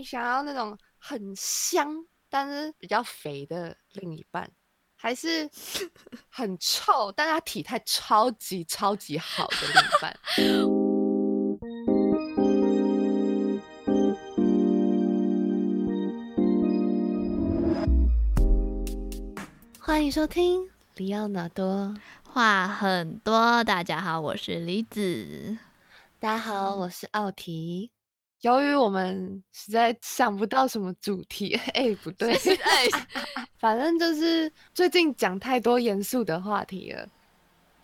你想要那種很香但是比較肥的另一半，還是很臭但是他體態超級超級好的另一半。 歡迎收聽《李奧納多》，話很多。大家好，我是李子。大家好，我是奧提。由於我們實在想不到什麼主題，哎、欸，不對，實在是 反正就是最近講太多嚴肅的話題了，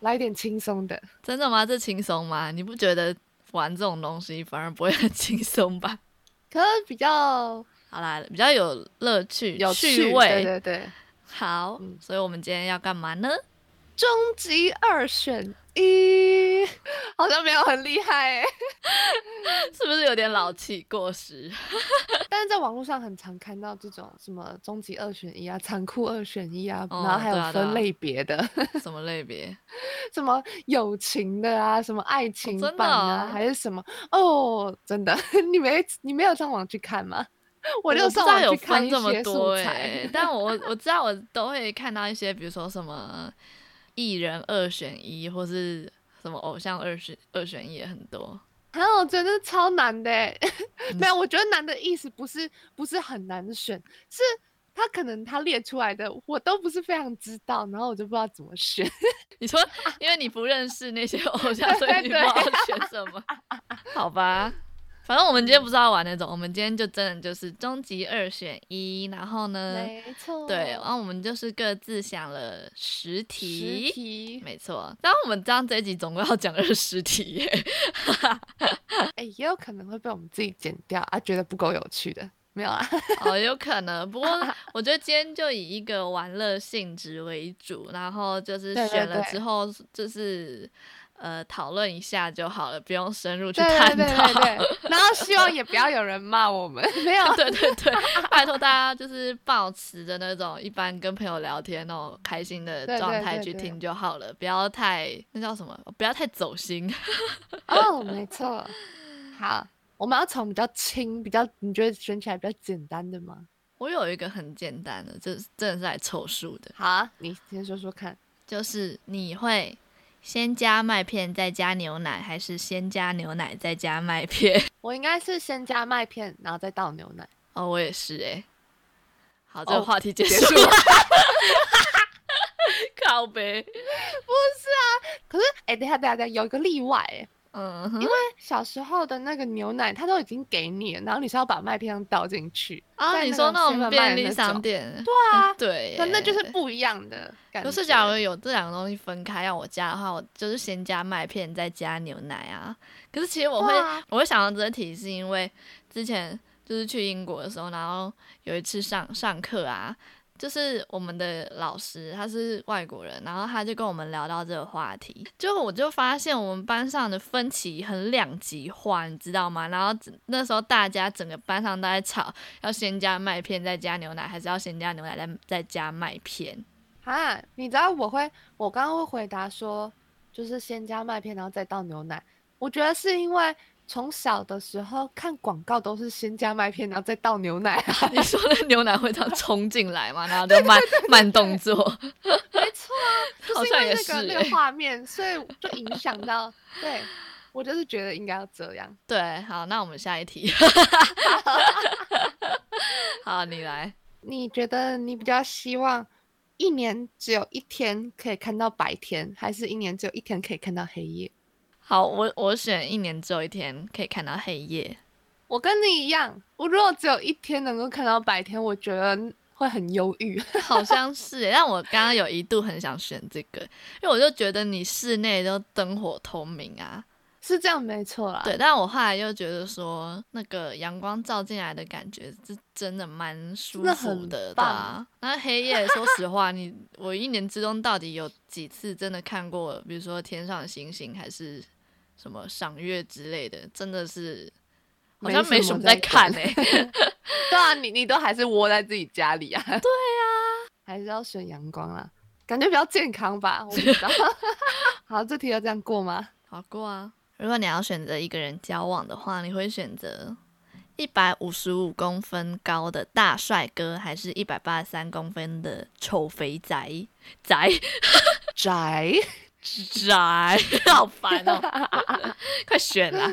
來一點輕鬆的。真的嗎？這輕鬆嗎？你不覺得玩這種東西反而不會很輕鬆吧？可能比較好啦，比較有樂趣、有趣，趣味。對對對。好，嗯、所以我們今天要幹嘛呢？終極二選一，好像沒有很厲害，是不是有點老氣過時？但是在網絡上很常看到這種什麼終極二選一啊，殘酷二選一啊，哦、然後還有分類別的，對啊對啊什麼類別，什麼友情的啊，什麼愛情版啊，哦、的還是什麼哦，真的，你沒你沒有上網去看嗎？我有上網去看有分。這麼多、欸、但我我知道我都會看到一些，比如說什麼。藝人二選一，或是什麼偶像二選二選一也很多，還有真的超難的。沒有，我覺得難的，嗯， 覺得的意思不是不是很難選，是他可能他列出來的我都不是非常知道，然後我就不知道怎麼選。你說，因為你不認識那些偶像， 所以你不知道選什麼？ 對對對 好吧。反正我們今天不知道玩那種，我們今天就真的就是終極二選一，然後呢，沒錯錯，對，然後我們就是各自想了十題，十題，沒錯。然後我們這樣這一集總共要講二十題耶，哎、 欸，也有可能會被我們自己剪掉啊，覺得不夠有趣的，沒有啊， 哦，有可能。不過我覺得今天就以一個玩樂性質為主，然後就是選了之後就是。對對對。呃，討論一下就好了，不用深入去探討。對對，對，對 然後希望也不要有人罵我們。 沒有， 對，對對對， 拜託大家就是保持着那種一般跟朋友聊天那種開心的狀態去聽就好了，對對對對，不要太那叫什麼，不要太走心。哦、 oh,，沒錯。好，我們要從比較輕、比較你覺得選起來比較簡單的嗎？我有一個很簡單的，這真的是來湊數的。好啊，你先說說看，就是你會。先加麥片再加牛奶，還是先加牛奶再加麥片？我應該是先加麥片，然後再倒牛奶。哦，我也是哎、欸。好，哦、這個話題結束了。靠北，不是啊？可是，哎、欸，等下等下有一個例外、欸。嗯，因為小時候的那個牛奶，它都已經給你了，然後你是要把麥片倒進去啊。你說那種便利商店、嗯，對啊，對，那那就是不一樣的。不是，假如有這兩個東西分開讓我加的話，我就是先加麥片，再加牛奶啊。可是其實我會，哇我會想到這個題，是因為之前就是去英國的時候，然後有一次上上課啊。就是我們的老師，他是外國人，然後他就跟我們聊到這個話題，就我就發現我們班上的分歧很兩極化，你知道嗎？然後那時候大家整個班上都在吵，要先加麥片再加牛奶，還是要先加牛奶再再加麥片啊？你知道我會，我剛剛會回答說，就是先加麥片，然後再倒牛奶。我覺得是因為。從小的時候看廣告都是先加麥片，然後再倒牛奶。啊、你說那牛奶會這樣衝進來嗎？ 然後就慢對對對對慢動作，沒錯、啊，就是因為那個、欸、那個畫面，所以就影響到。 對，我就是覺得應該要這樣。對，好，那我們下一題。好，你來。你覺得你比較希望一年只有一天可以看到白天，還是一年只有一天可以看到黑夜？好，我我選一年只有一天可以看到黑夜。我跟你一樣，我如果只有一天能夠看到白天，我覺得會很憂鬱。 好像是誒，但我剛剛有一度很想選這個，因為我就覺得你室內都燈火通明啊，是這樣沒錯啦。對，但我後來又覺得說，那個陽光照進來的感覺是真的蠻舒服的，那，對啊，那黑夜， 說實話，你我一年之中到底有幾次真的看過，比如說天上的星星，還是？什麼賞月之類的，真的是好像沒什麼在看哎、欸。 對啊，你你都還是窩在自己家裡啊？對啊，還是要選陽光啦，感覺比較健康吧，我不知道。好，這題要這樣過嗎？好過啊。如果你要選擇一個人交往的話，你會選擇一百五十五公分高的大帥哥，還是一百八十三公分的醜肥宅宅宅？ 宅宅， 好煩哦！快選啦！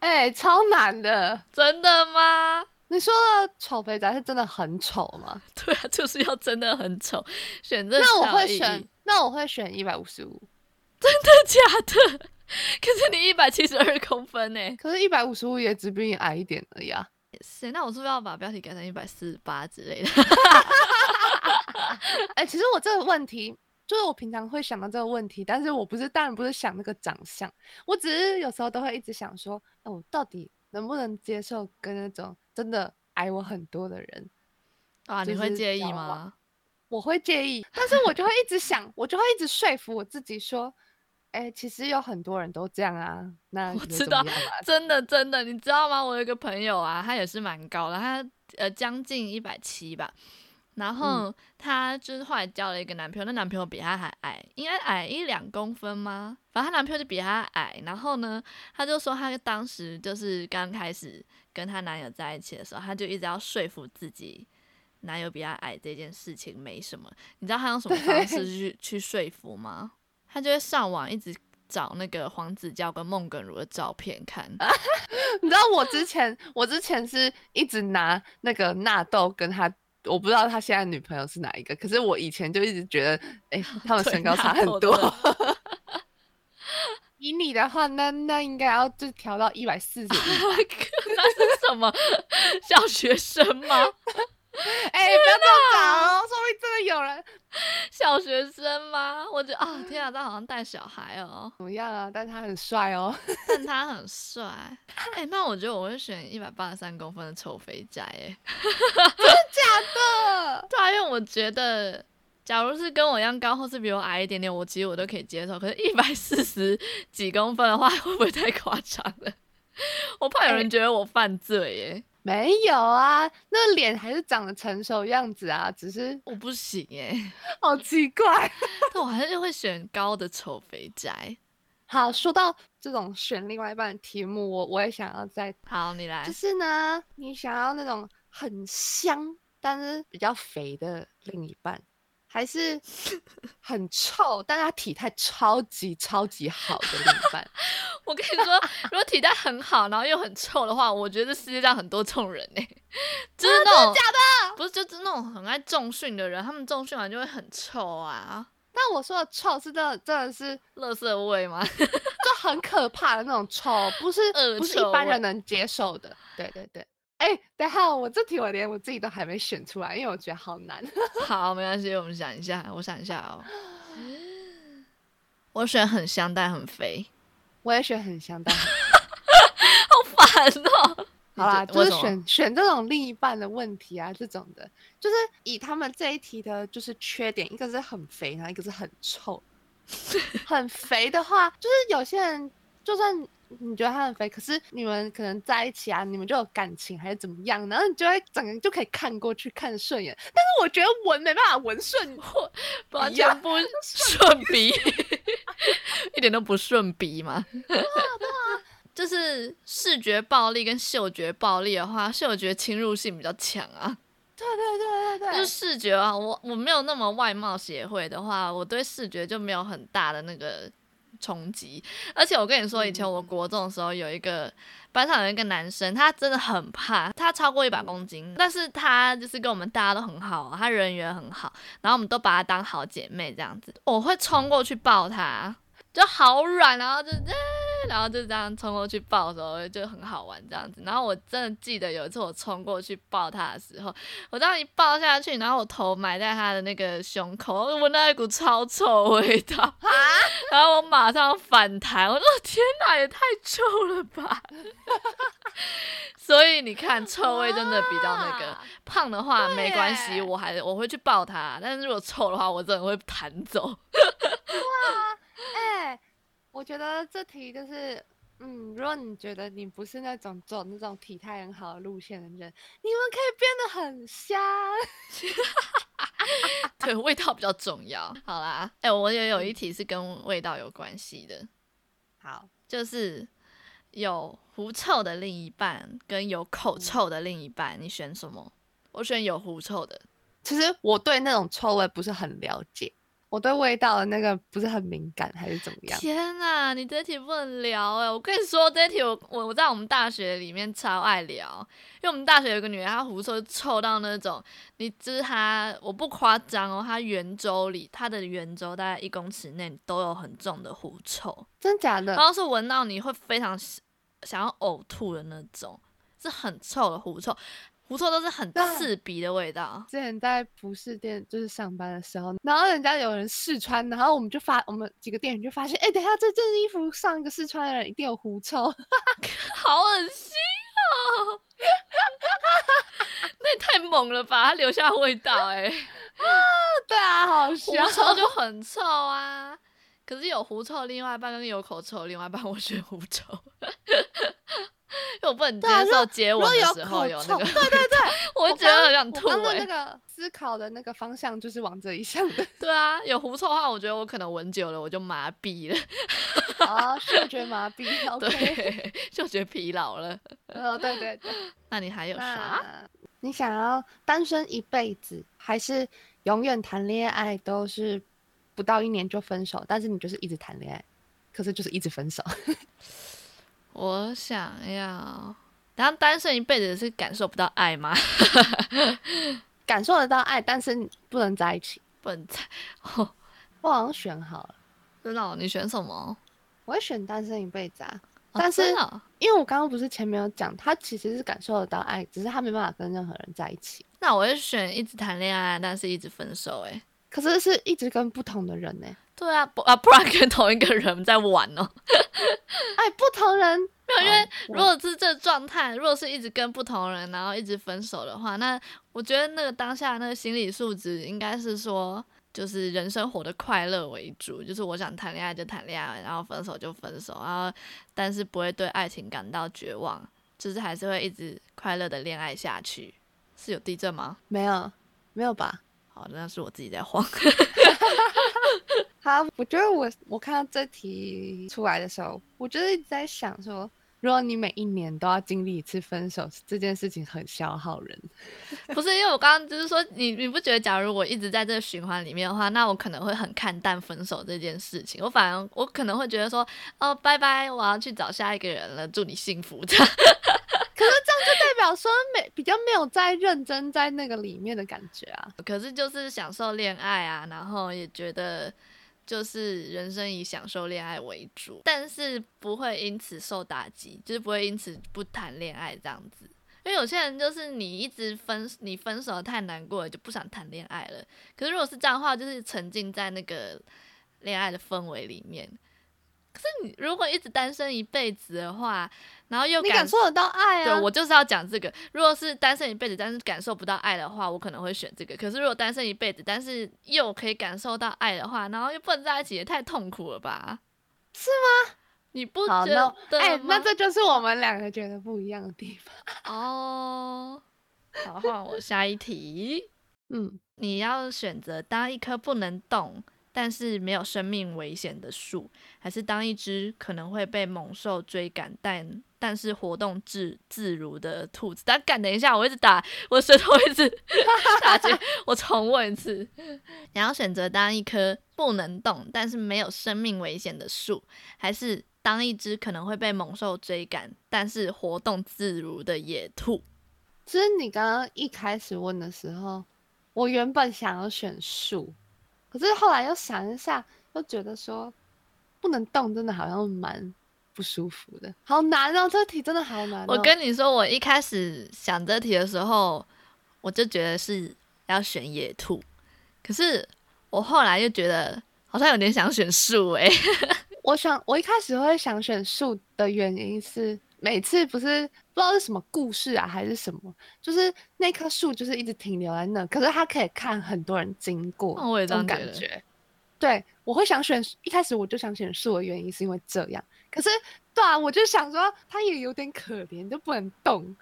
哎 欸，超難的，真的嗎？你說的“醜肥宅”是真的很醜嗎？對啊，就是要真的很醜。選擇，那我會選，那我會選一百五十五，真的假的？可是你一百七十二公分呢、欸？可是一百五十五也只比你矮一點而已啊。也是，那我是不是要把標題改成一百四十八之類的？哎、 欸，其實我這個問題。就是我平常會想到這個問題，但是我不是當然不是想那個長相，我只是有時候都會一直想說，哎，我到底能不能接受跟那種真的矮我很多的人？啊，你會介意嗎？我會介意，但是我就會一直想， 我就會一直說服我自己說，哎，其實有很多人都這樣啊。那啊我知道，真的真的，你知道嗎？我有一個朋友啊，他也是蠻高的，他呃將近一百七吧。然後她就是後來交了一個男朋友，嗯、那男朋友比她還矮，應該矮一兩公分嗎？反正她男朋友就比她矮。然後呢，她就說她當時就是剛開始跟她男友在一起的時候，她就一直要說服自己男友比她矮這件事情沒什麼。你知道她用什麼方式去對去說服嗎？她就會上網一直找那個黃子佼跟孟耿如的照片看。 你知道我之前我之前是一直拿那個納豆跟她。我不知道他現在的女朋友是哪一個，可是我以前就一直覺得，哎、欸，他們身高差很多。 以你的話，那那應該要就調到一百四十。 那是什麼小 學生嗎？ 哎，欸哦、不要這麼搞哦，說不定真的有人。小學生嗎？我覺得啊，天啊，他好像帶小孩哦，怎麼樣啊？但他很帥哦， 但他很帥。哎、欸，那我覺得我會選一百八十三公分的醜肥宅，哎， 真的假的？對， 因為我覺得，假如是跟我一樣高，或是比我矮一點點，我其實我都可以接受。可是，一百四十幾公分的話，會不會太誇張了？我怕有人覺得我犯罪耶，哎、欸。沒有啊，那個臉還是長得成熟樣子啊，只是我不行耶、欸，好奇怪， 但我還是會選高的醜肥宅。好，說到這種選另外一半的題目，我我也想要再，好，你來。就是呢，你想要那種很香但是比較肥的另一半，還是很臭但是他體態超級超級好的另一半？ 我跟你說，如果體態很好，然後又很臭的話，我覺得這世界上很多臭人呢、欸，真的假的，不是就是那種很愛重訓的人，他們重訓完就會很臭啊。但我說的臭是真的真的是垃圾味嗎？ 就很可怕的那種臭，不是惡臭，不是一般人能接受的。對對對，哎、欸，等一下，我這題我連我自己都還沒選出來，因為我覺得好難。 好，沒關係，我們想一下，我想一下哦。 我選很香但很肥。我也選很香的， 好煩哦、喔！好啦，就是選選這種另一半的問題啊，這種的，就是以他們這一題的就是缺點，一個是很肥，然後一個是很臭。 很肥的話，就是有些人就算你覺得他很肥，可是你們可能在一起啊，你們就有感情還是怎麼樣，然後你就會整個就可以看過去看順眼。但是我覺得聞沒辦法聞順，聞不順順 順鼻。 一點都不順鼻嗎？對啊，對啊，就是視覺暴力跟嗅覺暴力的話，嗅覺侵入性比較強啊。對對對對對，就是視覺啊，我我沒有那麼外貌協會的話，我對視覺就沒有很大的那個。衝擊！而且我跟你說，以前我國中的時候有一個、嗯、班上有一個男生，他真的很怕，他超過一百公斤，但是他就是跟我們大家都很好，他人緣很好，然後我們都把他當好姐妹這樣子，我會衝過去抱他，就好軟，然後就、欸然後就這樣衝過去抱的時候就很好玩這樣子，然後我真的記得有一次我衝過去抱他的時候，我這樣一抱下去，然後我頭埋在他的那個胸口，我聞到一股超臭的味道，啊、然後我馬上反彈，我說天哪，也太臭了吧！ 所以你看，臭味真的比較那個媽胖的話對沒關係，我還我會去抱他，但是如果臭的話，我真的會彈走。 哇，哎、欸。我覺得這題就是，嗯，如果你覺得你不是那種走那種體態很好的路線的人，你，你們可以變得很香。 對，味道比較重要。好啦，哎、欸，我也有一題是跟味道有關係的。好、嗯，就是有狐臭的另一半跟有口臭的另一半，嗯、你選什麼？我選有狐臭的。其實我對那種臭味不是很了解。我對味道的那個不是很敏感，還是怎麼樣？天哪、啊，你這題不能聊哎、欸！我跟你說，這題我我，我在我們大學裡面超愛聊，因為我們大學有個女孩，她狐臭臭到那種，你知她我不誇張哦，她圓周裡她的圓周大概一公尺內都有很重的狐臭，真假的？然後是聞到你會非常想要嘔吐的那種，是很臭的狐臭。狐臭都是很刺鼻的味道。之前在服飾店就是上班的時候，然後人家有人試穿，然後我們就發，我們幾個店員就發現，哎，等一下這件衣服上一個試穿的人一定有狐臭，好噁心哦！ 那也太猛了吧，他留下味道、欸，哎，對啊，好香，狐臭就很臭啊。可是有狐臭，另外一半跟有口臭，另外一半我選狐臭， 因為我不能接受接吻的時候有那個， 對，對對對，我覺得很想吐，欸。剛剛那，那個思考的那個方向就是往這裡想的。對啊，有狐臭的話，我覺得我可能聞久了我就麻痹了，啊、 哦，嗅覺麻痹。Okay，對，嗅覺疲勞了。 哦，對對對。那你還有啥？你想要單身一輩子，還是永遠談戀愛都是？不到一年就分手，但是你就是一直談戀愛，可是就是一直分手。 我想要，然後單身一輩子是感受不到愛嗎？ 感受得到愛，但是不能在一起，不能在。一起、哦。我好像選好了。真的？你選什麼？我會選單身一輩子啊。但是、哦哦、因為我剛剛不是前面有講，他其實是感受得到愛，只是他沒辦法跟任何人在一起。那我會選一直談戀愛，但是一直分手。誒。可是是一直跟不同的人呢？欸。對啊，不啊，不然跟同一個人在玩哦、喔。 哎，不同人，沒有，因為如果是這狀態，哦、如果是一直跟不同人，然後一直分手的話，那我覺得那個當下那個心理素質應該是說，就是人生活的快樂為主，就是我想談戀愛就談戀愛，然後分手就分手，然後但是不會對愛情感到絕望，就是還是會一直快樂的戀愛下去。是有地震嗎？沒有，沒有吧。好，那是我自己在慌。 好，我覺得我我看到這題出來的時候，我就一直在想說。如果你每一年都要經歷一次分手，這件事情很消耗人。不是，因為我剛剛就是說，你你不覺得，假如我一直在這個循環裡面的話，那我可能會很看淡分手這件事情。我反而我可能會覺得說，哦，拜拜，我要去找下一個人了，祝你幸福的，這樣 可是這樣就代表說沒，沒比較沒有在認真在那個裡面的感覺啊。 可是就是享受戀愛啊，然後也覺得。就是人生以享受戀愛為主，但是不會因此受打擊，就是不會因此不談戀愛這樣子。因為有些人就是你一直分，你分手太難過了就不想談戀愛了。可是如果是這樣的話，就是沉浸在那個戀愛的氛圍裡面。可是你如果一直單身一輩子的話，然後又感，你感受得到愛啊！對，我就是要講這個。如果是單身一輩子，但是感受不到愛的話，我可能會選這個。可是如果單身一輩子，但是又可以感受到愛的話，然後又不能在一起，也太痛苦了吧？是嗎？你不覺得嗎？哎、欸，那這就是我們兩個覺得不一樣的地方哦。 oh. 好，換我下一題。 嗯，你要選擇當一棵不能動，但是沒有生命危險的樹，還是當一只可能會被猛獸追趕，但但是活動自自如的兔子，但幹等一下，我一直打，我舌頭一直 打結，我重問一次：你要選擇當一棵不能動，但是沒有生命危險的樹，還是當一隻可能會被猛獸追趕，但是活動自如的野兔？其實你剛剛一開始問的時候，我原本想要選樹，可是後來又想一下，又覺得說不能動，真的好像蠻。不舒服的，好難喔。這題真的好難喔。我跟你說，我一開始想這題的時候，我就覺得是要選野兔，可是我後來又覺得好像有點想選樹欸。 我想，我一開始會想選樹的原因是，每次不是不知道是什麼故事啊，還是什麼，就是那棵樹就是一直停留在那，可是它可以看很多人經過，我有這種感覺。我也這樣覺得。對，我會想選，一開始我就想選樹的原因是因為這樣。可是，對啊，我就想說，它也有點可憐，就不能動。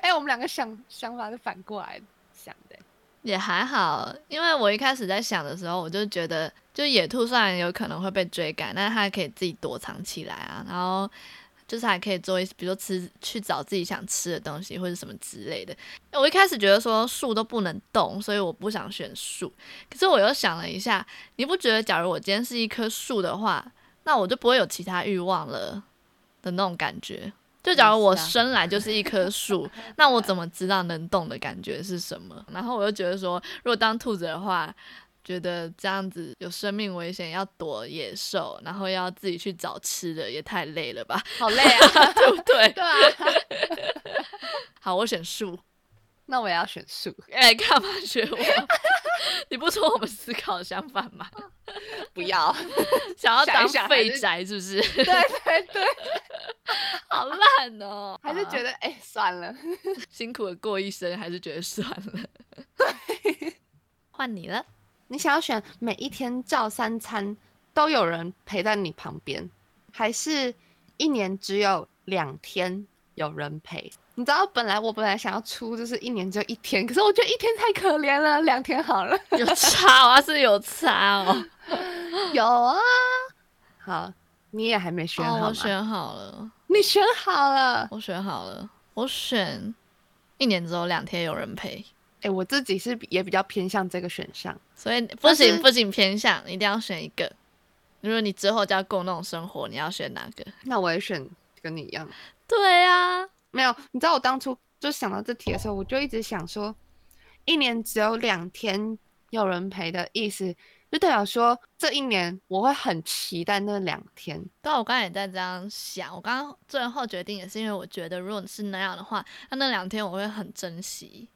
哎、 欸，我們兩個想想法就反過來想的，也還好。因為我一開始在想的時候，我就覺得，就野兔雖然有可能會被追趕，但它還可以自己躲藏起來啊，然後就是還可以做一些，比如說吃，去找自己想吃的東西或者什麼之類的。我一開始覺得說樹都不能動，所以我不想選樹。可是我又想了一下，你不覺得，假如我今天是一棵樹的話？那我就不會有其他欲望了的那種感覺。就假如我生來就是一棵樹，那我怎麼知道能動的感覺是什麼？然後我就覺得說，如果當兔子的話，覺得這樣子有生命危險，要躲野獸，然後要自己去找吃的，也太累了吧？好累啊， 對不對？對啊。好，我選樹。那我也要選樹，哎、欸，幹嘛學我？ 你不說我們思考的相反嗎？ 不要，想要當廢宅是不是, 想想是？對對對， 好爛哦、喔， 還是覺得哎、欸、算了， 辛苦的過一生還是覺得算了。換 你了，你想要選每一天照三餐都有人陪在你旁邊，還是一年只有兩天有人陪？你知道，本來我本來想要出，就是一年只有一天，可是我覺得一天太可憐了，兩天好了。 有差啊、哦，是有差哦， 有啊。好，你也還沒選好嗎、哦、我選好了。你選好了？我選好了。我選一年只有兩天有人陪。誒、欸，我自己是也比較偏向這個選項，所以不行，不行，偏向一定要選一個。是如果你之後就要過那種生活，你要選哪個？那我也選跟你一樣。對啊。沒有，你知道我當初就想到這題的時候，我就一直想說，一年只有兩天有人陪的意思，就代表說這一年我會很期待那兩天。對，我剛才也在這樣想。我剛剛最後決定也是因為我覺得，如果你是那樣的話，那那兩天我會很珍惜。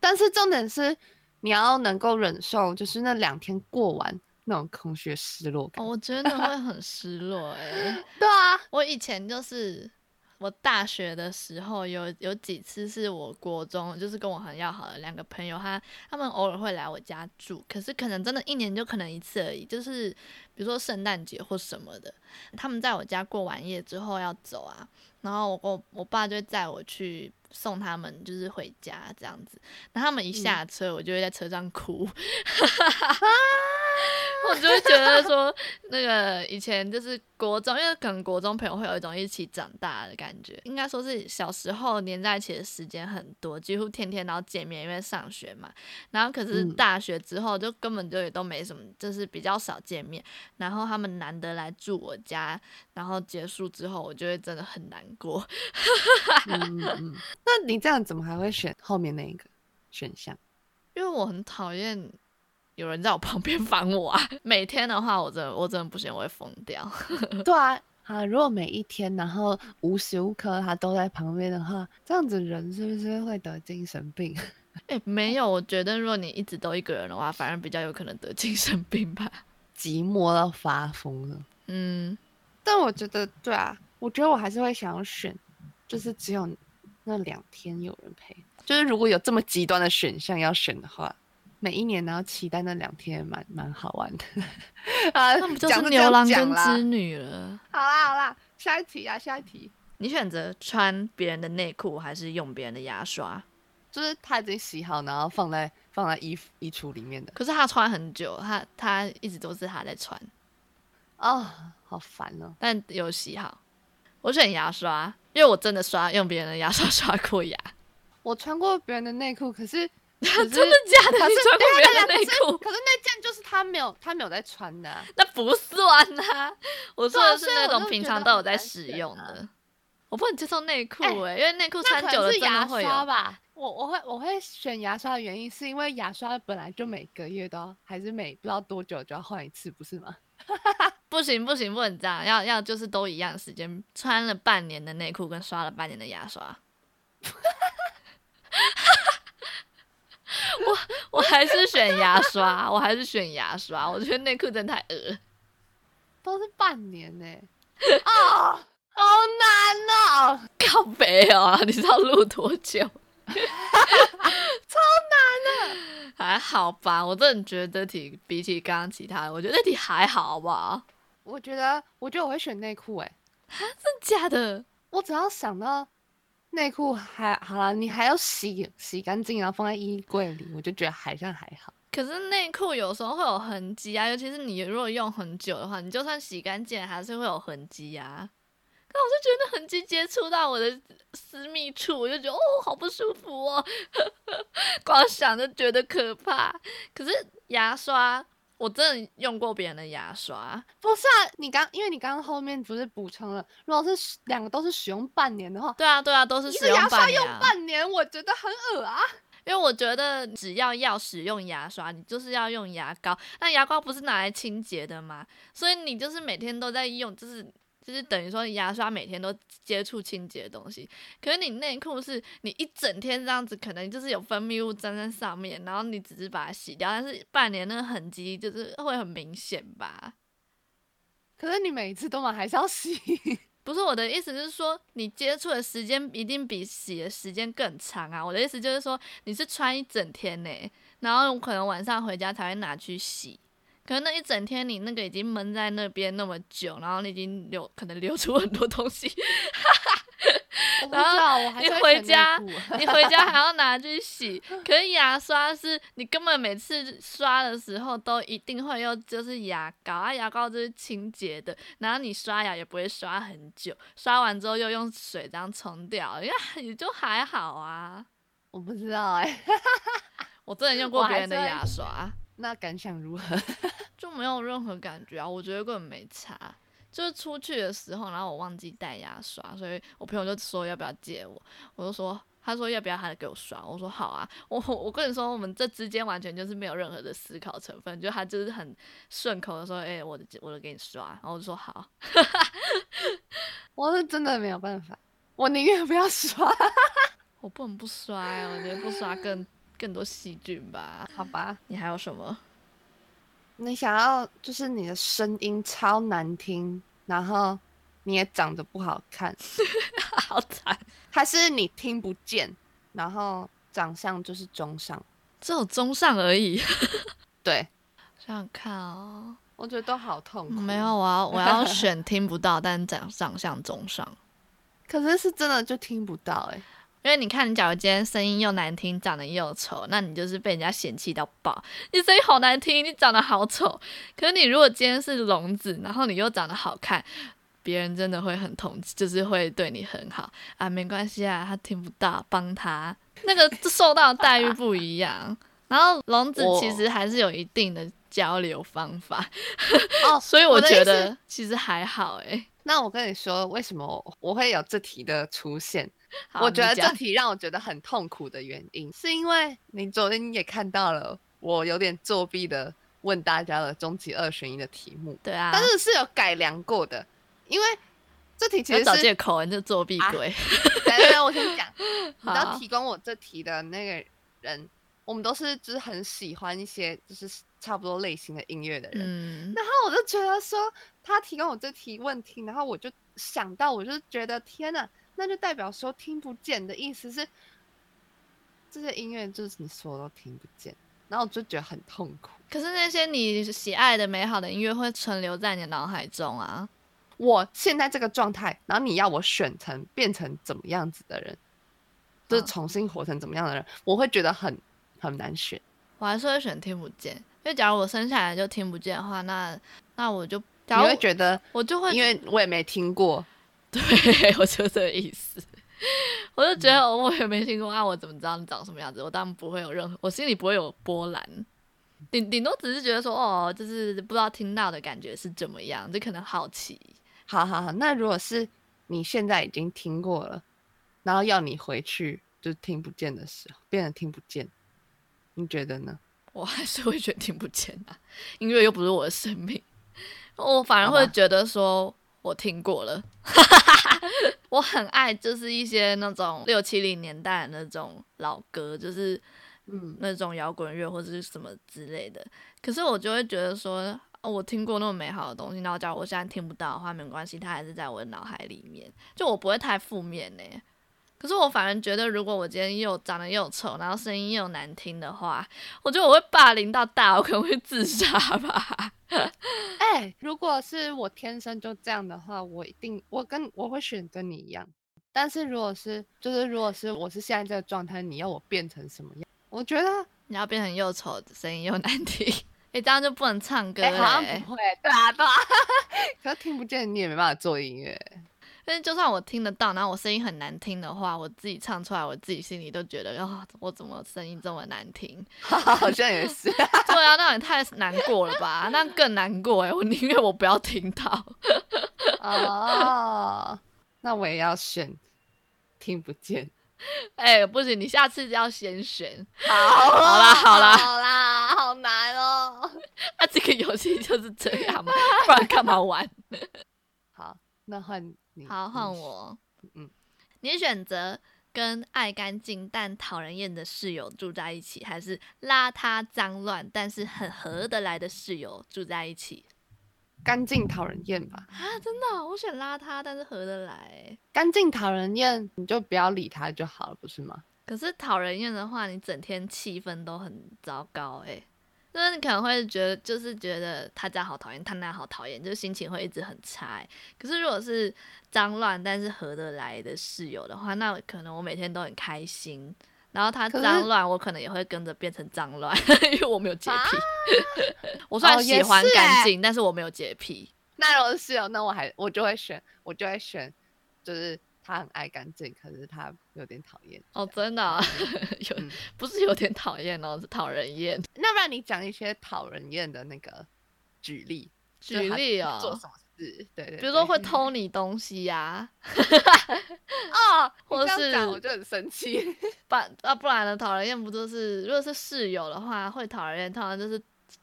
但是重點是你要能夠忍受，就是那兩天過完那種空虛失落感。哦，我真的會很失落誒、欸。 對啊，我以前就是。我大學的時候有有幾次是我國中，就是跟我很要好的兩個朋友他，他他們偶爾會來我家住，可是可能真的，一年就可能一次而已。就是比如說聖誕節或什麼的，他們在我家過完夜之後要走啊，然後我我我爸就會載我去送他們，就是回家這樣子。那他們一下車，我就會在車上哭。嗯 我就會覺得說，那個以前就是國中，因為可能國中朋友會有一種一起長大的感覺，應該說是小時候黏在一起的時間很多，幾乎天天都要見面，因為上學嘛。然後可是大學之後就根本就也都沒什麼，就是比較少見面。嗯、然後他們難得來住我家，然後結束之後，我就會真的很難過、 嗯嗯。那你這樣怎麼還會選後面那個選項？因為我很討厭。有人在我旁邊煩我啊！每天的話，我真的，我真的不行，我會瘋掉。 對啊，啊，如果每一天，然後無時無刻他都在旁邊的話，這樣子人是不是會得精神病？誒、 欸，沒有，我覺得，如果你一直都一個人的話，反而比較有可能得精神病吧， 寂寞到發瘋了。嗯，但我覺得，對啊，我覺得我還是會想要選，就是只有那兩天有人陪。就是如果有這麼極端的選項要選的話。每一年，然後期待那兩天，蠻蠻好玩的。 啊，那不就是牛郎跟織女了？好啦好啦，下一題啊，下一題。你選擇穿別人的內褲，還是用別人的牙刷？就是他已經洗好，然後放在放在衣衣櫥裡面的。可是他穿很久，他他一直都是他在穿。哦、oh, 喔，好煩哦。但有洗好。我選牙刷，因為我真的刷用別人的牙刷刷過牙。我穿過別人的內褲，可是。真的假的？是你穿過別人的內褲？可是那件就是他沒有，他沒有在穿的、啊， 那不算啊。我說的是那種平常都有在使用的。啊我、啊、我不能接受內褲哎，欸、因為內褲穿久了真的會有。牙刷吧。我我會我會選牙刷的原因是因為牙刷本來就每個月都還是每不知道多久就要換一次，不是嗎？ 不行不行，不能這樣，要要就是都一樣時間，穿了半年的內褲跟刷了半年的牙刷。 我我還是選牙刷，我還是選牙刷。我覺得內褲真的太噁，都是半年呢、欸、啊、哦，好難哦！靠北哦，你知道錄多久？ 超難的、啊，還好吧？我真的覺得這題比起剛剛其他，的，我覺得這題還好，吧。我覺得，我覺得我會選內褲、欸，誒，真的假的？我只要想到。內褲還好啦，你還要洗洗乾淨，然後放在衣櫃裡，我就覺得還算還好。可是內褲有時候會有痕跡啊，尤其是你如果用很久的話，你就算洗乾淨還是會有痕跡啊。可我就覺得痕跡接觸到我的私密處，我就覺得哦，好不舒服哦， 光想着覺得可怕。可是牙刷。我真的用過別人的牙刷，不是啊？你剛因為你剛剛後面不是補充了，如果是兩個都是使用半年的話，對啊對啊，都是使用半年、啊、牙刷用半年，我覺得很惡啊。因為我覺得只要要使用牙刷，你就是要用牙膏，那牙膏不是拿來清潔的嗎？所以你就是每天都在用，就是。就是等於說，牙刷每天都接觸清潔的東西，可是你內褲是，你一整天這樣子，可能就是有分泌物粘在上面，然後你只是把它洗掉，但是半年那個痕跡就是會很明顯吧？可是你每次都嘛還是要洗？不是我的意思是說，你接觸的時間一定比洗的時間更長啊。我的意思就是說，啊、你是穿一整天呢、欸，然後可能晚上回家才會拿去洗。可能那一整天你那個已經悶在那邊那麼久，然後你已經流可能流出很多東西， 然後你回家，你回家還要拿去洗。可是牙刷是你根本每次刷的時候都一定會用就是牙膏，啊、牙膏就是清潔的，然後你刷牙也不會刷很久，刷完之後又用水這樣沖掉，因為也就還好啊。我不知道哎、欸，我之前用過別人的牙刷。那感想如何？ 就沒有任何感覺啊！我覺得根本沒差。就是出去的時候，然後我忘記帶牙刷，所以我朋友就說要不要借我？我就說，他說要不要他給我刷？我說好啊。我我跟你說，我們這之間完全就是沒有任何的思考成分，就他就是很順口的說，哎、欸，我的我的給你刷。然後我就說好。 我是真的沒有辦法，我寧願不要刷。 我不能不刷啊！我覺得不刷更。更多細菌吧，好吧。你還有什麼？你想要就是你的聲音超難聽，然後你也長得不好看， 好慘慘。還是你聽不見，然後長相就是中上，只有中上而已。 對，想想看哦，我覺得都好痛苦。嗯，沒有啊，我要我要選聽不到， 但長長相中上。可是是真的就聽不到哎、欸。因為你看，你假如今天聲音又難聽，長得又醜，那你就是被人家嫌棄到爆。你聲音好難聽，你長得好醜。可是你如果今天是聾子，然後你又長得好看，別人真的會很同情，就是會對你很好啊，沒關係啊，他聽不到，幫他那個受到的待遇不一樣。 然後聾子其實還是有一定的交流方法哦，所以我覺得其實還好誒。我那我跟你說，為什麼我會有這題的出現？好我覺得這題讓我覺得很痛苦的原因，講是因為你昨天也看到了，我有點作弊的問大家的終極二選一的題目。對啊，但是是有改良過的，因為這題其實是我找借口，你這作弊鬼。來來、啊、我跟 好你講，你要提供我這題的那個人，我們都是就是很喜歡一些就是差不多類型的音樂的人。嗯、然後我就覺得說，他提供我這題問題，然後我就想到，我就覺得天哪、啊！那就代表說聽不見的意思是，這些音樂就是你說都聽不見，然後我就覺得很痛苦。可是那些你喜愛的、美好的音樂會存留在你腦海中啊。我現在這個狀態，然後你要我選成變成怎麼樣子的人，就是重新活成怎麼樣的人，嗯、我會覺得很很難選。我還是會選聽不見，因為假如我生下來就聽不見的話，那那我就你會覺得我就會，因為我也沒聽過。對，我就這個意思，我就覺得我也沒聽過、嗯、啊，我怎麼知道你長什麼樣子？我當然不會有任何，我心裡不會有波瀾，頂頂多只是覺得說，哦，就是不知道聽到的感覺是怎麼樣，就可能好奇。好好好，那如果是你現在已經聽過了，然後要你回去就聽不見的時候，變得聽不見，你覺得呢？我還是會覺得聽不見啊，音樂又不是我的生命，我反而會覺得說。我聽過了， 我很愛就是一些那種六七零年代的那種老歌，就是嗯那種搖滾樂或者是什麼之類的。可是我就會覺得說，哦，我聽過那麼美好的東西，然後假如我現在聽不到的話，沒關係，它還是在我的腦海裡面，就我不會太負面欸。可是我反而覺得，如果我今天又長得又醜，然後聲音又難聽的話，我覺得我會霸凌到大，我可能會自殺吧。哎、 欸，如果是我天生就這樣的話，我一定我跟我會選擇你一樣。但是如果是就是如果是我是現在這個狀態，你要我變成什麼樣？我覺得你要變成又醜、聲音又難聽，哎、 欸，這樣就不能唱歌、欸、好像不會，對啊，對啊，可是聽不見你也沒辦法做音樂。但是就算我聽得到，然後我聲音很難聽的話，我自己唱出來，我自己心裡都覺得，哇，我怎麼聲音這麼難聽？好，好像也是。啊。 對啊，那也太難過了吧？那 更難過哎、欸，我寧願我不要聽到。哦，那我也要選聽不見。哎、欸，不行，你下次就要先選。好，好啦，好啦，好啦，好難哦。那、啊、這個遊戲就是這樣嘛，不然干嘛玩？ 好，那換。你好，換我。嗯，你選擇跟愛乾淨但討人厭的室友住在一起，還是邋遢髒亂但是很合得來的室友住在一起？乾淨討人厭吧？啊，真的，哦，我選邋遢但是合得來。乾淨討人厭，你就不要理他就好了，不是嗎？可是討人厭的話，你整天氣氛都很糟糕，誒。就是你可能會覺得，就是覺得他這樣好討厭，他那樣好討厭，就心情會一直很差，欸。可是如果是髒亂但是合得來的室友的話，那可能我每天都很開心。然後他髒亂，可是我可能也會跟着變成髒亂，因為我沒有潔癖。啊、 我雖然喜歡乾淨，哦也是欸，但是我沒有潔癖。那如果是室友，那我還我就會選，我就會選，就是。他很愛乾淨，可是他有點討厭哦。真的、啊嗯、 有不是有點討厭哦，是討人厭。那不然你講一些討人厭的那個舉例？舉例哦，做什麼事？哦、對，對對，比如說會偷你東西呀、啊。嗯、 哦，或是我這樣講我就很生氣。不啊，不然呢？討人厭不就是如果是室友的話，會討人厭，通常就是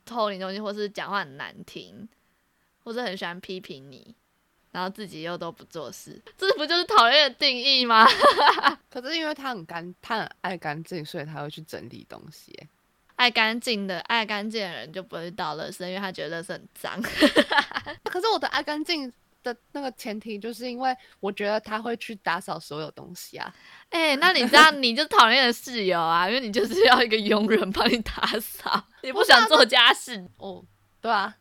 偷你東西，或是講話很難聽，或是很喜歡批評你。然後自己又都不做事，這不就是討厭的定義嗎？ 可是因為他很乾，他很愛乾淨，所以他會去整理東西。愛乾淨的愛乾淨的人就不會倒垃圾，因為他覺得是很髒。 可是我的愛乾淨的那個前提就是因為我覺得他會去打掃所有東西啊。誒、欸，那你知道 你就是討厭的室友啊，因為你就是要一個傭人幫你打掃，你不想做家事 哦。對啊，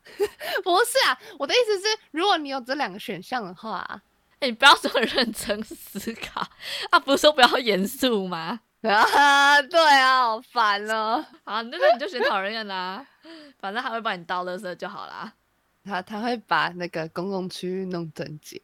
不是啊，我的意思是，如果你有這兩個選項的話，誒，你不要說認真思考啊，不是說不要嚴肅嗎？啊，對啊，好煩哦。啊，那就你就選討人厭啦，啊， 反正他會幫你倒垃圾就好啦。他他會把那個公共區域弄整潔。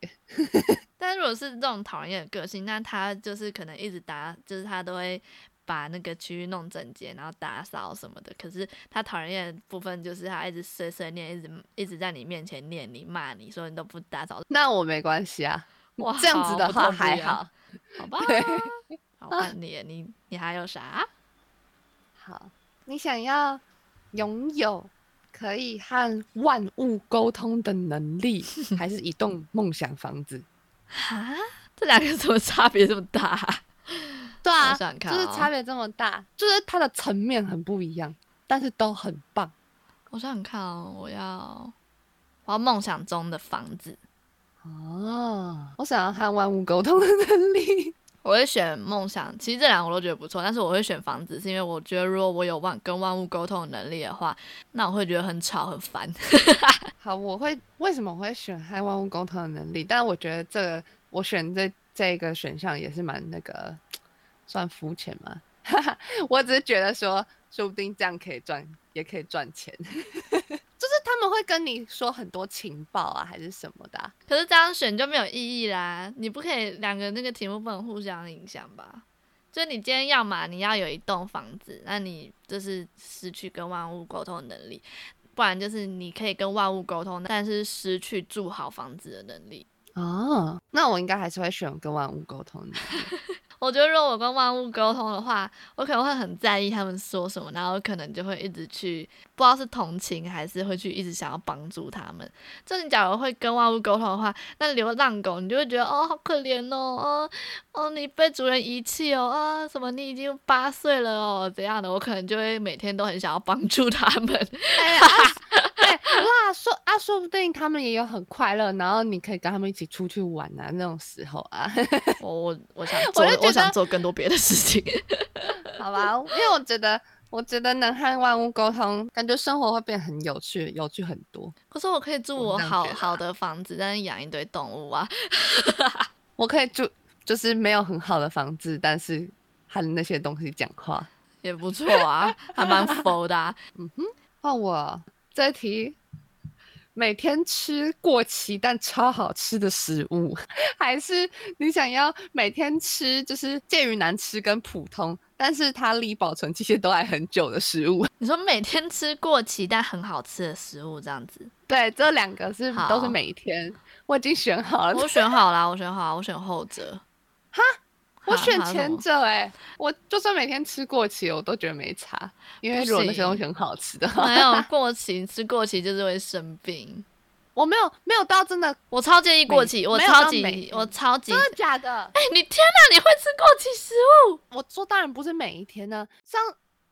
但如果是這種討厭的個性，那他就是可能一直打，就是他都會。把那個區域弄整潔，然後打掃什麼的。可是他討人厭的部分就是他一直碎碎念，一直一直在你面前念你罵你說你都不打掃。那我沒關係啊，哇，這樣子的話還好，啊、 好吧？對好，換你 你你還有啥？好，你想要擁有可以和萬物溝通的能力， 還是一棟夢想房子？哈蛤，這兩個什麼差別這麼大、啊？對啊，看看哦、就是差別這麼大，就是它的層面很不一樣，但是都很棒。我想看哦，我要，我要夢想中的房子。哦，我想要和萬物溝通的能力。我會選夢想，其實這兩個我都覺得不錯，但是我會選房子，是因為我覺得如果我有辦法跟萬物溝通的能力的話，那我會覺得很吵很煩。 好，我會為什麼我會選和萬物溝通的能力？但我覺得這個我選這這一個選項也是蠻那個。算膚淺嗎？ 我只是覺得說，說不定這樣可以賺，也可以賺錢。 就是他們會跟你說很多情報啊，還是什麼的啊。可是這樣選就沒有意義啦。你不可以兩個那個題目不能互相影響吧？就你今天要嘛，你要有一棟房子，那你就是失去跟萬物溝通的能力；不然就是你可以跟萬物溝通，但是失去住好房子的能力。哦，那我應該還是會選跟萬物溝通的能力。 我覺得，如果我跟萬物溝通的話，我可能會很在意他們說什麼，然後我可能就會一直去不知道是同情，還是會去一直想要幫助他們。就你假如會跟萬物溝通的話，那流浪狗你就會覺得哦好可憐哦，哦哦，你被主人遺棄哦啊，哦、什麼你已經八歲了哦這樣的，我可能就會每天都很想要幫助他們。哎呀 說啊，說不定他們也有很快樂，然後你可以跟他們一起出去玩啊，那種時候啊。 我我我想做，我，我想做更多別的事情。 好吧，因為我覺得，我覺得能和萬物溝通，感覺生活會變很有趣，有趣很多。可是我可以住我好好的房子，啊、但是養一堆動物啊。 我可以住，就是沒有很好的房子，但是和那些東西講話也不錯啊， 還蠻佛的、啊。 嗯哼，換我。這題，每天吃過期但超好吃的食物，還是你想要每天吃就是介於難吃跟普通，但是它離保存期限都還很久的食物？你說每天吃過期但很好吃的食物這樣子？對，這兩個是好都是每一天，我已經選好了。我選好了，我選好了，我選後者。哈。我選前者，哎，我就算每天吃過期，我都覺得沒差，因為如果那些東西很好吃的，沒有過期，吃過期就是會生病。我沒有，沒有到真的，我超介意過期，我超級，我超級，真的假的？哎，你天哪，你會吃過期食物？我說當然不是每一天呢，像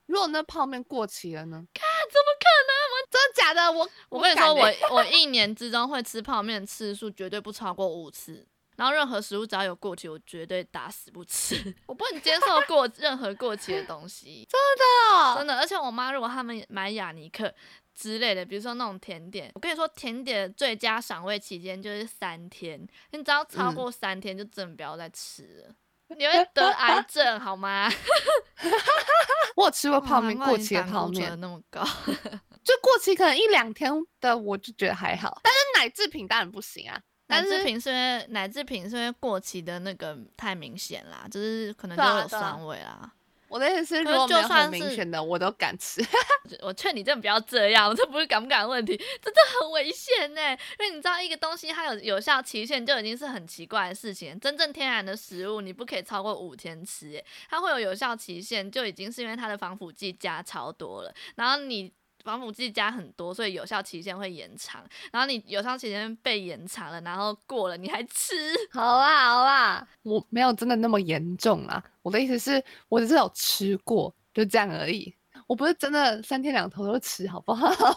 如果那泡麵過期了呢？看，怎麼可能？我真的假的？我我跟你說，我我一年之中會吃泡麵的次數絕對不超過五次。然後任何食物只要有過期，我絕對打死不吃。 我不能接受過任何過期的東西，真的、哦，真的。而且我媽如果他們買亞尼克之類的，比如說那種甜點，我跟你說，甜點最佳賞味期間就是三天，你只要超過三天就真的不要再吃了，嗯、你會得癌症、啊、好嗎？ 我有吃過泡麵過期的泡麵，媽媽那麼高， 就過期可能一兩天的我就覺得還好，但是奶製品當然不行啊。奶製品是因為奶製品是因為過期的那個太明顯啦，就是可能就會有酸味啦。我的意思是說，就算很明顯的我都敢吃。 我勸你真的不要這樣，這不是敢不敢的問題，真的很危險呢，欸。因為你知道，一個東西它有有效期限就已經是很奇怪的事情。真正天然的食物你不可以超過五天吃，欸，它會有有效期限，就已經是因為它的防腐劑加超多了。然後你。防腐劑加很多，所以有效期限會延長。然後你有效期限被延長了，然後過了你還吃？好啊，好啊。我沒有真的那麼嚴重啊，我的意思是，我只是有吃過，就這樣而已。我不是真的三天兩頭都吃，好不好 ？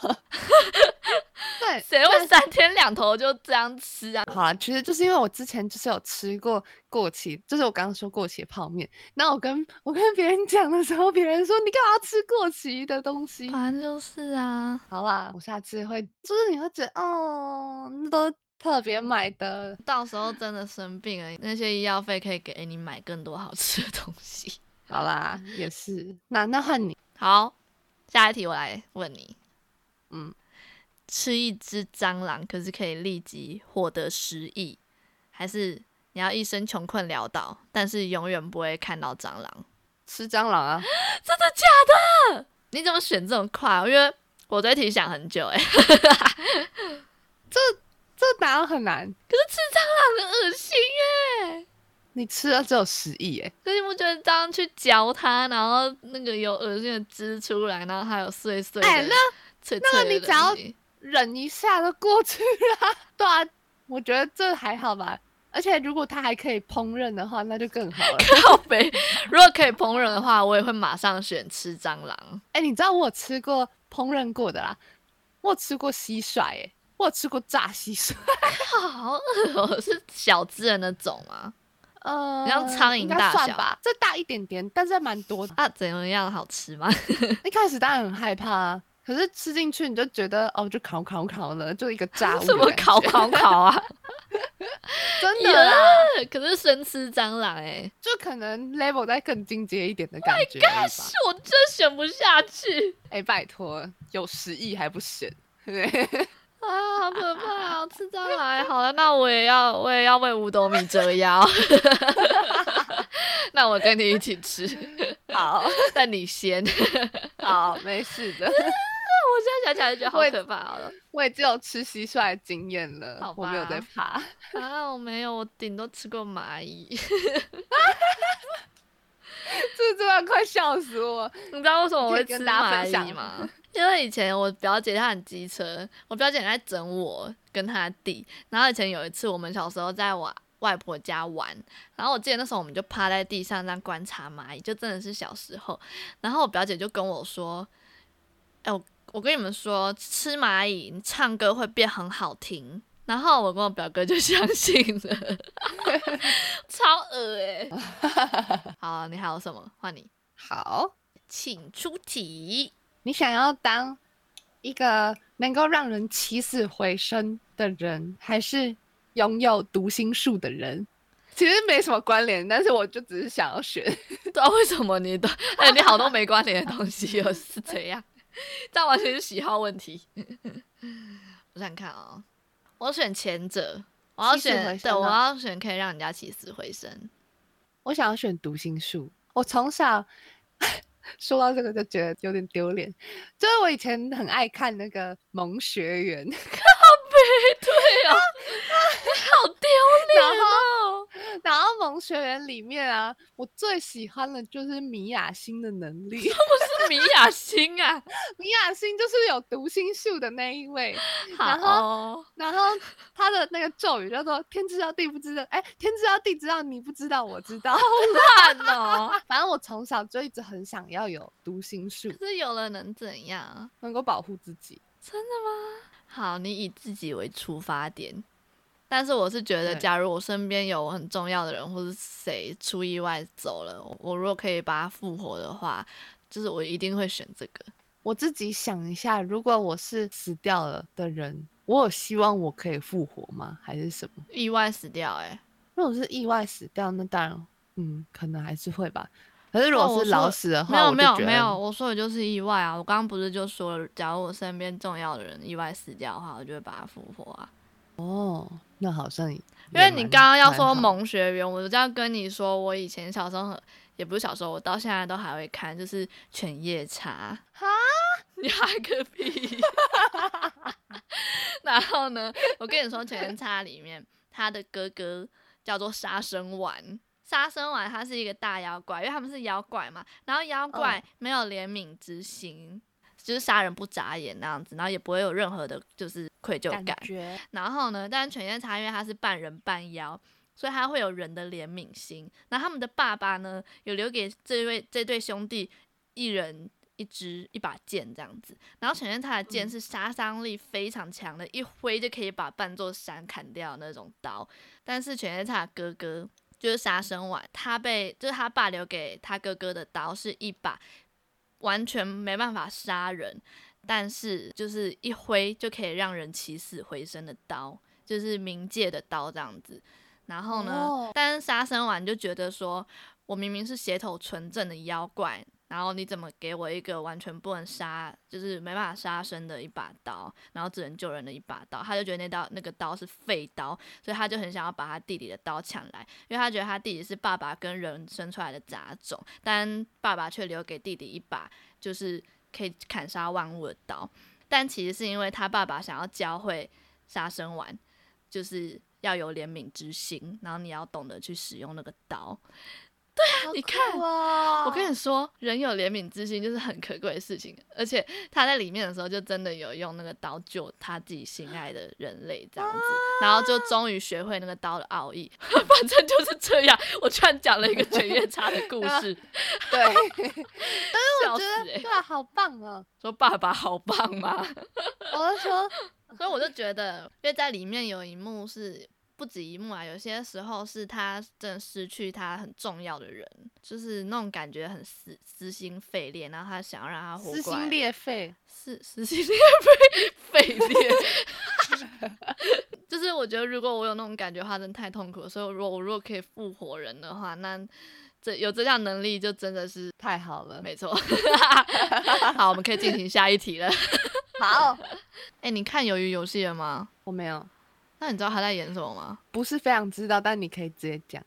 對，誰會三天兩頭就這樣吃啊？好啦，其實就是因為我之前就是有吃過過期，就是我剛剛說過期的泡麵。那我跟我跟別人講的時候，別人說你幹嘛要吃過期的東西？好像就是啊。好啦，我下次會，就是你會覺得哦，那都特別買的，到時候真的生病了，那些醫藥費可以給你買更多好吃的東西。 好啦，也是。那那換你。好，下一題我來問你。嗯，吃一只蟑螂，可是可以立即獲得十億，還是你要一生窮困潦倒，但是永遠不會看到蟑螂？吃蟑螂啊？ 真的假的？你怎麼選這麼快？因為我這一題想很久、欸，哎 這這答案很難。可是吃蟑螂很噁心哎、欸。你吃了只有十億哎，可是你不覺得這樣去嚼它，然後那個有惡心的汁出來，然後還有碎碎的，欸、那脆脆的那個你只要忍一下就過去了，啊， 對啊，我覺得這還好吧。而且如果它還可以烹飪的話，那就更好了。好肥，如果可以烹飪的話，我也會馬上選吃蟑螂。哎、欸，你知道我有吃過烹飪過的啦，我有吃過蟋蟀，哎，我有吃過炸蟋蟀， 好惡，是小只的種嗎，啊？呃，像蒼蠅大小算吧，再大一點點，但是蠻多的。啊，怎麼樣，好吃嗎？ 一開始大家很害怕，可是吃進去你就覺得哦，就烤烤烤了，就一個炸。什麼烤烤烤啊？ 真的啦？可是生吃蟑螂哎、欸，就可能 level 再更進階一點的感覺。Oh my God，但是我真選不下去。哎、欸，拜託，有十億還不選。對啊，好可怕啊、哦！吃蟑螂， 好了，那我也要，我也要為五斗米折腰。 那我跟你一起吃，好，但 你先。好，沒事的。 我現在想起來就覺得好可怕。好了，我也只有吃蟋蟀的經驗了。好吧。我沒有在怕。啊，我沒有，我頂多吃過螞蟻。 就這這段快笑死我！你知道為什麼我會吃螞蟻嗎？嗎因為以前我表姐她很機車，我表姐也在整我跟她弟。然後以前有一次，我們小時候在我外婆家玩，然後我記得那時候我們就趴在地上這樣觀察螞蟻，就真的是小時候。然後我表姐就跟我說：“哎、欸，我我跟你們說，吃螞蟻你唱歌會變很好聽。”然後我跟我表哥就相信了， 超惡哎、欸！好，你還有什麼？換你。好，請出題。你想要當一個能夠讓人起死回生的人，還是擁有讀心術的人？其實沒什麼關聯，但是我就只是想要選。不知道為什麼你都……哎、欸，你好多沒關聯的東西 又是這樣 這樣，這完全是喜好問題。我想看哦。我選前者，我要選，對，我要選可以讓人家起死回生。我想要選讀心術。我從小 說到這個就覺得有點丟臉，就是我以前很愛看那個《萌學園》。對,對、哦、啊， 你好丟臉啊！然後，萌學園裡面啊，我最喜歡的就是米雅星的能力。什麼是米雅星啊？ 米雅星就是有讀心術的那一位。然後，哦、然後他的那個咒語叫做“天知道，地不知道”。哎、欸，天知道，地知道，你不知道，我知道。好亂哦！ 反正我從小就一直很想要有讀心術。可是有了能怎樣？能夠保護自己。真的嗎？好，你以自己為出發點，但是我是覺得，假如我身邊有很重要的人或者誰出意外走了，我如果可以把他復活的話，就是我一定會選這個。我自己想一下，如果我是死掉了的人，我有希望我可以復活嗎？還是什麼意外死掉，欸。誒，如果是意外死掉，那當然，嗯，可能還是會吧。可是如果是老死的話，哦，沒有沒有沒有，我說的就是意外啊！我剛剛不是就說，假如我身邊重要的人意外死掉的話，我就會把他復活啊。哦，那好像也因為你剛剛要說萌學園，好我就這樣跟你說，我以前小時候，也不是小時候，我到現在都還會看，就是犬夜叉哈，你哈個屁！ 然後呢，我跟你說，犬夜叉裡面他的哥哥叫做殺生丸。殺生丸他是一個大妖怪，因為他們是妖怪嘛。然後妖怪沒有憐憫之心，哦、就是殺人不眨眼那樣子，然後也不會有任何的，就是愧疚感。感覺。然後呢，但是犬夜叉因為他是半人半妖，所以他會有人的憐憫心。然後他們的爸爸呢，有留給這位這對兄弟一人一支一把劍這樣子。然後犬夜叉的劍是殺傷力非常強的，嗯、一揮就可以把半座山砍掉那種刀。但是犬夜叉的哥哥。就是殺生丸，他被就是他爸留給他哥哥的刀是一把完全沒辦法殺人，但是就是一揮就可以讓人起死回生的刀，就是冥界的刀這樣子。然後呢，哦。但是殺生丸就覺得說我明明是血統純正的妖怪。然後你怎麼給我一個完全不能殺，就是沒辦法殺生的一把刀，然後只能救人的一把刀？他就覺得那刀那個刀是廢刀，所以他就很想要把他弟弟的刀搶來，因為他覺得他弟弟是爸爸跟人生出來的雜種，但爸爸卻留給弟弟一把就是可以砍殺萬物的刀。但其實是因為他爸爸想要教會殺生丸，就是要有憐憫之心，然後你要懂得去使用那個刀。對啊，哦、你看，我跟你說，人有憐憫之心就是很可貴的事情，而且他在裡面的時候就真的有用那個刀救他自己心愛的人類這樣子，啊、然後就終於學會那個刀的奧義， 反正就是這樣。我居然講了一個犬夜叉的故事， 對，但是我覺得啊好棒啊！ 說爸爸好棒嘛。 我就說，所以我就覺得，因為在裡面有一幕是。不止一幕啊，有些時候是他真的失去他很重要的人，就是那種感覺很撕撕心裂肺，然後他想要讓他活過來。撕心裂肺，撕撕、欸、心裂肺，裂裂。 就是我覺得如果我有那種感覺的話，真的太痛苦了。所以我如果我如果可以復活人的話，那這有這項能力就真的是太好了。沒錯錯。 好，我們可以進行下一題了。 好，哎、欸，你看《魷魚遊戲》了嗎？我沒有。那你知道他在演什麼嗎？不是非常知道，但你可以直接講。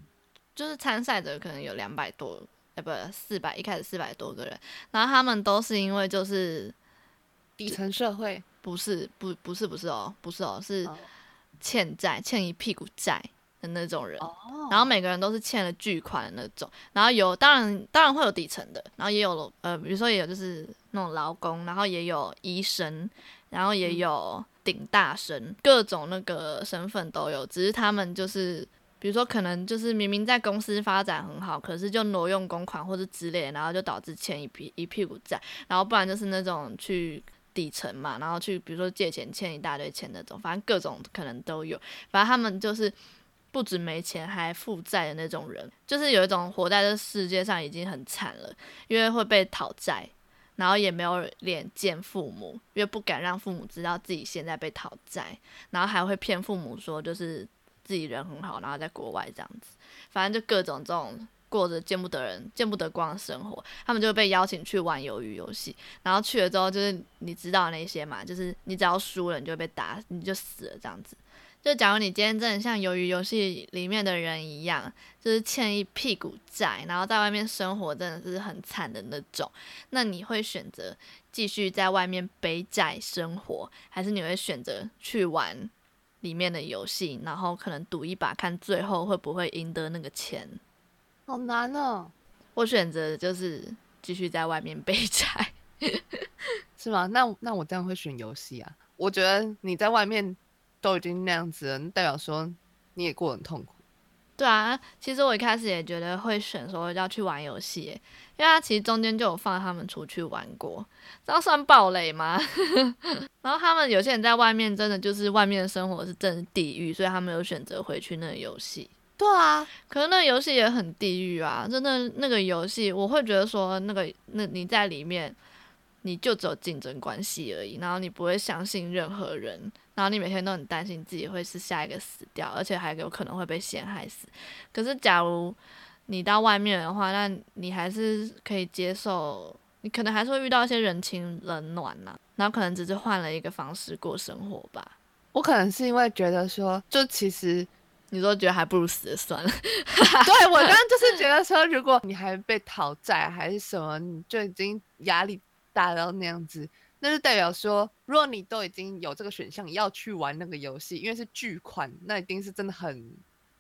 就是參賽者可能有兩百多，呃、欸，不，四百，一開始四百多個人，然後他們都是因為就是底層社會，不是，不，不是，不是哦，不是哦，是欠債、哦、欠一屁股債的那種人，哦、然後每個人都是欠了巨款的那種，然後有當然當然會有底層的，然後也有呃，比如說也有就是那種勞工，然後也有醫生，然後也有。嗯頂大神，各種那個身份都有，只是他們就是，比如說可能就是明明在公司發展很好，可是就挪用公款或者之類，然後就導致欠一屁一屁股債，然後不然就是那種去底層嘛，然後去比如說借錢欠一大堆錢那種，反正各種可能都有，反正他們就是不止沒錢還負債的那種人，就是有一種活在這世界上已經很慘了，因為會被討債。然後也沒有臉見父母，因為不敢讓父母知道自己現在被討債，然後還會騙父母說就是自己人很好，然後在國外這樣子，反正就各種這種過着見不得人、見不得光的生活。他們就被邀請去玩魷魚遊戲，然後去了之後就是你知道那些嘛，就是你只要輸了，你就會被打，你就死了這樣子。就假如你今天真的像《魷魚遊戲》裡面的人一樣，就是欠一屁股債，然後在外面生活真的是很慘的那種，那你會選擇繼續在外面背債生活，還是你會選擇去玩裡面的遊戲，然後可能賭一把，看最後會不會贏得那個錢？好難哦、喔！我選擇就是繼續在外面背債， 是嗎？那那我這樣會選遊戲啊！我覺得你在外面。都已經那樣子了，那代表說你也過得很痛苦。對啊，其實我一開始也覺得會選說要去玩遊戲，因為他其實中間就有放他們出去玩過。這樣算暴雷嗎？ 然後他們有些人在外面真的就是外面的生活是真的地獄，所以他們有選擇回去那個遊戲。對啊，可是那個遊戲也很地獄啊，真的那，那個遊戲我會覺得說那個那，你在裡面你就只有競爭關係而已，然後你不會相信任何人。然後你每天都很擔心自己會是下一個死掉，而且還有可能會被陷害死。可是，假如你到外面的話，那你還是可以接受，你可能還是會遇到一些人情冷暖吶、啊，然後可能只是換了一個方式過生活吧。我可能是因為覺得說，就其實你都覺得還不如死了算了。 對，我剛剛就是覺得說，如果你還被討債還是什麼，你就已經壓力大到那樣子。那就代表說，如果你都已經有這個選項要去玩那個遊戲，因為是巨款，那一定是真的很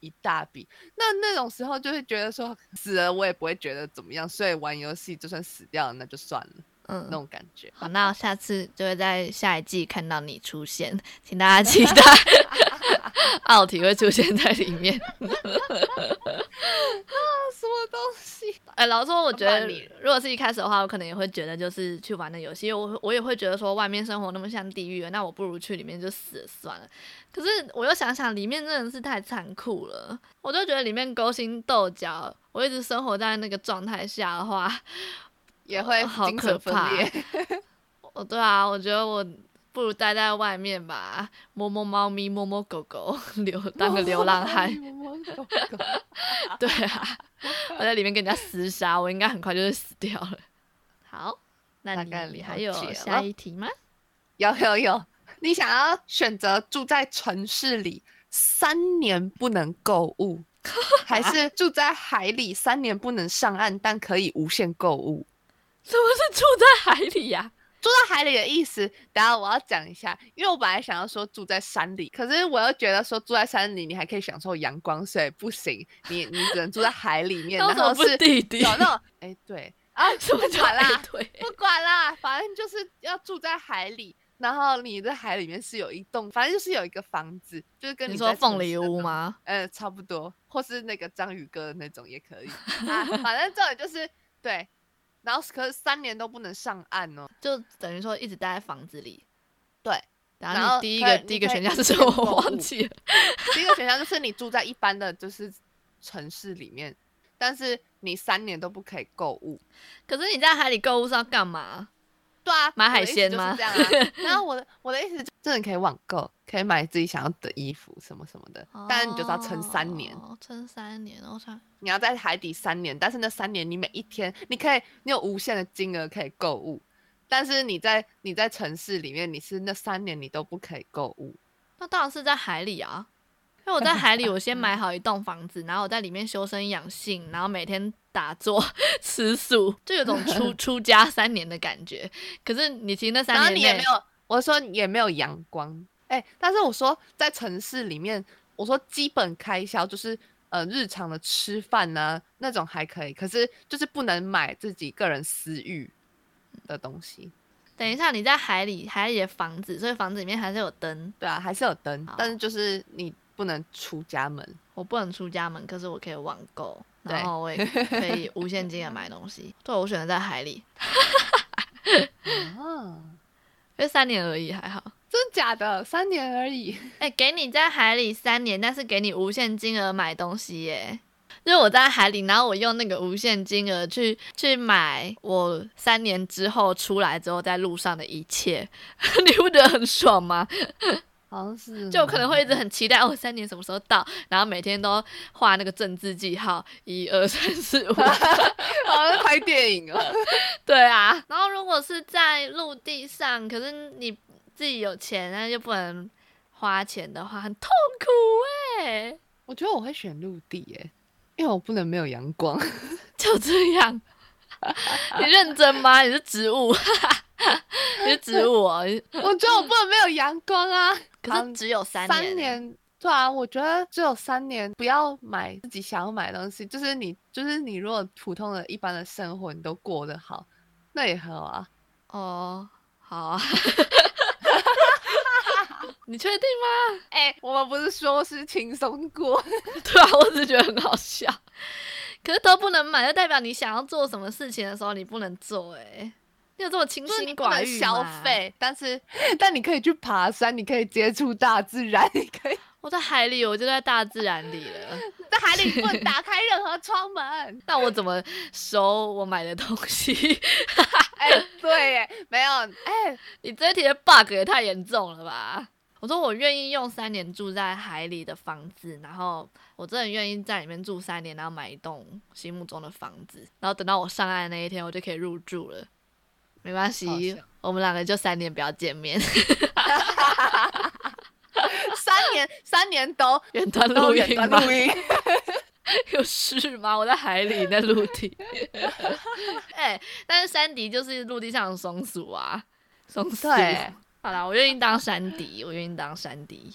一大筆。那那種時候，就會覺得說死了我也不會覺得怎麼樣，所以玩遊戲就算死掉了那就算了，嗯，那種感覺。好，那我下次就會在下一季看到你出現，請大家期待。 奧體 會出現在裡面， 啊，什麼東西？哎、欸，老實說，我覺得你如果是一開始的話，我可能也會覺得就是去玩的遊戲，因為我，我也會覺得說外面生活那麼像地獄，那我不如去裡面就死了算了。可是我又想想，裡面真的是太殘酷了，我就覺得裡面勾心鬥角，我一直生活在那個狀態下的話，也會好，好可怕。哦，對啊，我覺得我。不如待在外面吧，摸摸貓咪，摸摸狗狗，流當個流浪漢。摸摸狗狗。對啊，我在裡面跟人家廝殺，我應該很快就會死掉了。好，那你還有下一題嗎？有有有，你想要選擇住在城市裡三年不能購物，啊、還是住在海裡三年不能上岸但可以無限購物？什麼是住在海裡呀、啊？住在海裡的意思，等下我要講一下，因為我本來想要說住在山裡，可是我又覺得說住在山裡你還可以享受陽光，所以不行，你你只能住在海裡面。然後 是有那種。哎、欸，對啊，住在不船啦，對不管啦，反正就是要住在海裡，然後你的海裡面是有一棟，反正就是有一個房子，就是跟你，你說鳳梨屋嗎？呃，差不多，或是那個章魚哥的那種也可以。 啊、反正這種就是對。然後可是三年都不能上岸哦，就等於說一直待在房子裡。對，然後第一個以第一個選項就是什麼？我忘記了。 第一個選項就是你住在一般的就是城市裡面， 但是你三年都不可以購物。可是你在海裡購物是要幹嘛？對啊，買海鮮嗎？然後我的我的意思就是可以網購。可以買自己想要的衣服什麼什麼的，哦、但你就是要撐三年，撐、哦、三年，我、哦、操！你要在海底三年，但是那三年你每一天你可以，你有無限的金額可以購物，但是你在你在城市裡面，你是那三年你都不可以購物。那當然是在海裡啊，因為我在海裡，我先買好一棟房子， 然後我在裡面修身養性，然後每天打坐吃素，就有種出 出家三年的感覺。可是你其實那三年，然後你也沒有，我說你也沒有陽光。哎、欸，但是我說在城市裡面，我說基本開銷就是呃日常的吃飯呢，那種還可以，可是就是不能買自己個人私欲的東西。等一下你在海裡，海裡的房子，所以房子裡面還是有燈，對啊，還是有燈，好但是就是你不能出家門。我不能出家門，可是我可以網購，對然後我也可以無限金額買東西。 對，我選擇在海裡。哈因為三年而已，還好。真的假的？三年而已。哎、欸，給你在海裡三年，但是給你無限金額買東西耶。因為我在海裡，然後我用那個無限金額去去買我三年之後出來之後在路上的一切， 你不覺得很爽嗎？好像是。就可能會一直很期待，哦，三年什麼時候到？然後每天都畫那個正字記號，一二三四五。 好像拍電影了。對啊。然後如果是在陸地上，可是你。自己有錢，但又不能花錢的話，很痛苦哎、欸。我覺得我會選陸地哎、欸，因為我不能沒有陽光。 就這樣， 你認真嗎？你是植物， 你是植物、喔。我覺得我不能沒有陽光啊。可是只有三年、欸，三年，對啊。我覺得只有三年，不要買自己想要買的東西。就是你，就是你。如果普通的一般的生活，你都過得好，那也很好啊。哦，好啊。 你確定嗎？哎、欸，我們不是說是輕鬆過， 對啊，我只是覺得很好笑。可是都不能買，就代表你想要做什麼事情的時候，你不能做、欸。哎，你有這麼清心寡欲消費，但是但你可以去爬山，你可以接觸大自然，你可以。我在海裡，我就在大自然裡了。是在海裡不能打開任何窗門。是那我怎麼收我買的東西？哎、 欸，對、欸，沒有。哎、欸，你這題的 bug 也太嚴重了吧？我說我願意用三年住在海裡的房子，然後我真的很願意在裡面住三年，然後買一棟心目中的房子，然後等到我上岸那一天，我就可以入住了。沒關係，像我們兩個就三年不要見面。 三年，三年都遠端錄音嗎？遠端錄音。 有事嗎？我在海裡，在陸地。哎、 欸，但是珊迪就是陸地上的松鼠啊，松鼠。嗯對。好啦，我願意當珊迪，我願意當珊迪。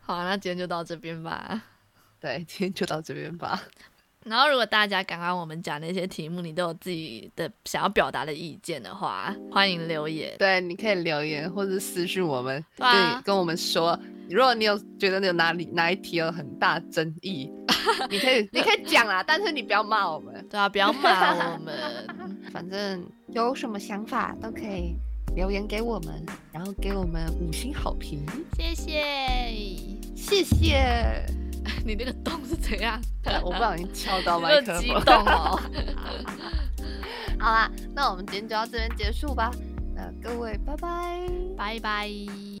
好、啊，那今天就到這邊吧。對，今天就到這邊吧。 然後，如果大家剛剛我們講那些題目，你都有自己的想要表達的意見的話，歡迎留言。對，你可以留言或者私訊我們，對、啊，跟我們說。如果你有覺得你有哪裡哪一題有很大爭議， 你可以 你可以講啊，但是你不要罵我們。對啊，不要罵我們。 反正有什麼想法都可以。留言給我們，然後給我們五星好評，謝謝，謝謝 你那個洞是怎樣？啊？我不小心敲到麥克風了。好啦，那我們今天就到這邊結束吧。那各位，拜拜，拜拜。